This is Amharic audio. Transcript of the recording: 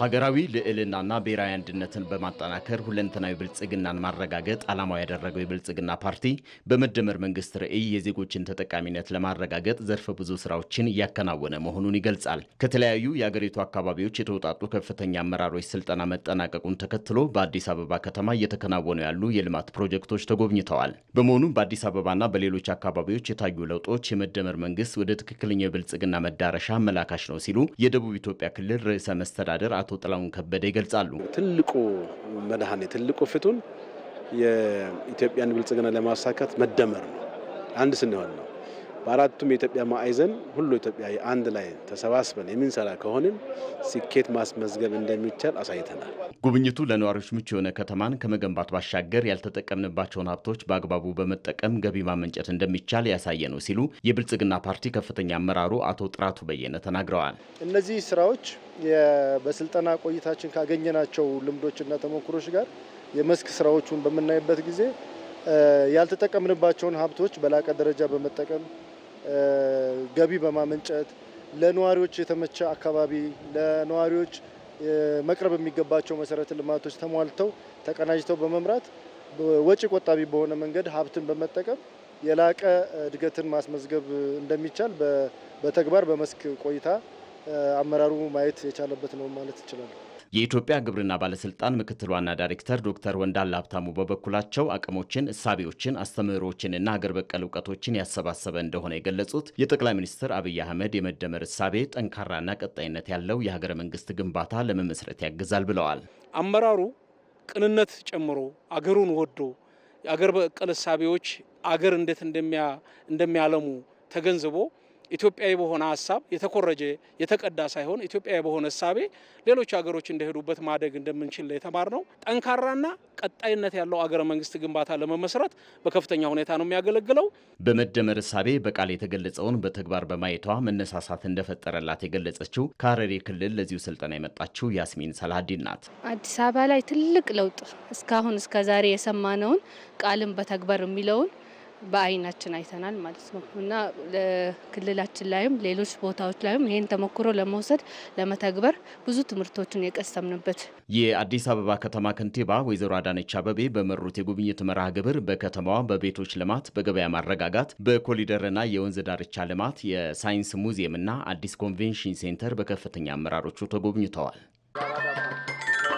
ሀገራዊ ልዕልናና ብሔራዊ አንድነትን በማጠናከር ሁለንተናዊ ብልጽግናን ማረጋገጥ ዓላማው ያደረገው የብልጽግና ፓርቲ በመደመር መንግስት ርዕይ የዜጎችን ተጠቃሚነት ለማረጋገጥ ዘርፈ ብዙ ስራዎችን እያከናወነ መሆኑን ይገልጻል። ከተለያዩ የአገሪቱ አካባቢዎች የተውጣጡ ከፍተኛ አመራሮች ስልጠና መጠናቀቁን ተከትሎ በአዲስ አበባ ከተማ እየተከናወኑ ያሉ የልማት ፕሮጀክቶች ተጎብኝተዋል። በመሆኑም በአዲስ አበባና በሌሎች አካባቢዎች የታዩ ለውጦች የመደመር መንግስት ወደ ትክክለኛው የብልጽግና መዳረሻ መላካሽ ነው ሲሉ የደቡብ ኢትዮጵያ ክልል ርዕሰ መስተዳደር አቶ ጥላሁን ከበደ ይገልጻሉ። ትልቁ መድኃኒት ትልቁ ፍቱን የኢትዮጵያን ብልጽግና ለማሳካት መደመር ነው፣ አንድ ስንሆን ነው። በአራቱም የኢትዮጵያ ማዕዘን ሁሉ ኢትዮጵያ አንድ ላይ ተሰባስበን የምንሰራ ከሆንን ስኬት ማስመዝገብ እንደሚቻል አሳይተናል። ጉብኝቱ ለነዋሪዎች ምቹ የሆነ ከተማን ከመገንባት ባሻገር ያልተጠቀምንባቸውን ሀብቶች በአግባቡ በመጠቀም ገቢ ማመንጨት እንደሚቻል ያሳየ ነው ሲሉ የብልጽግና ፓርቲ ከፍተኛ አመራሩ አቶ ጥራቱ በየነ ተናግረዋል። እነዚህ ስራዎች በስልጠና ቆይታችን ካገኘናቸው ልምዶችና ተሞክሮች ጋር የመስክ ስራዎቹን በምናይበት ጊዜ ያልተጠቀምንባቸውን ሀብቶች በላቀ ደረጃ በመጠቀም ገቢ በማመንጨት ለነዋሪዎች የተመቸ አካባቢ ለነዋሪዎች መቅረብ የሚገባቸው መሰረተ ልማቶች ተሟልተው ተቀናጅተው በመምራት ወጪ ቆጣቢ በሆነ መንገድ ሀብትን በመጠቀም የላቀ እድገትን ማስመዝገብ እንደሚቻል በተግባር በመስክ ቆይታ አመራሩ ማየት የቻለበት ነው ማለት ይችላል። የኢትዮጵያ ግብርና ባለስልጣን ምክትል ዋና ዳይሬክተር ዶክተር ወንዳለ ሀብታሙ በበኩላቸው አቅሞችን፣ እሳቤዎችን፣ አስተምህሮችንና ሀገር በቀል እውቀቶችን ያሰባሰበ እንደሆነ የገለጹት የጠቅላይ ሚኒስትር አብይ አህመድ የመደመር እሳቤ ጠንካራና ቀጣይነት ያለው የሀገረ መንግስት ግንባታ ለመመስረት ያግዛል ብለዋል። አመራሩ ቅንነት ጨምሮ አገሩን ወዶ የአገር በቀል እሳቤዎች አገር እንዴት እንደሚያለሙ ተገንዝቦ ኢትዮጵያዊ በሆነ ሀሳብ የተኮረጀ የተቀዳ ሳይሆን ኢትዮጵያዊ በሆነ እሳቤ ሌሎች ሀገሮች እንደሄዱበት ማደግ እንደምንችል የተማር ነው። ጠንካራና ቀጣይነት ያለው አገረ መንግስት ግንባታ ለመመስረት በከፍተኛ ሁኔታ ነው የሚያገለግለው። በመደመር እሳቤ በቃል የተገለጸውን በተግባር በማየቷ መነሳሳት እንደፈጠረላት የገለጸችው ከሀረሪ ክልል ለዚሁ ስልጠና የመጣችው ያስሚን ሰላሀዲን ናት። አዲስ አበባ ላይ ትልቅ ለውጥ እስካሁን እስከዛሬ የሰማነውን ቃልን በተግባር የሚለውን በአይናችን አይተናል ማለት ነው እና ለክልላችን ላይም ሌሎች ቦታዎች ላይም ይህን ተሞክሮ ለመውሰድ ለመተግበር ብዙ ትምህርቶችን የቀሰምንበት። የአዲስ አበባ ከተማ ከንቲባ ወይዘሮ አዳነች አበቤ በመሩት የጉብኝት መርሃ ግብር በከተማዋ በቤቶች ልማት፣ በገበያ ማረጋጋት፣ በኮሊደርና የወንዝ ዳርቻ ልማት፣ የሳይንስ ሙዚየምና አዲስ ኮንቬንሽን ሴንተር በከፍተኛ አመራሮቹ ተጎብኝተዋል።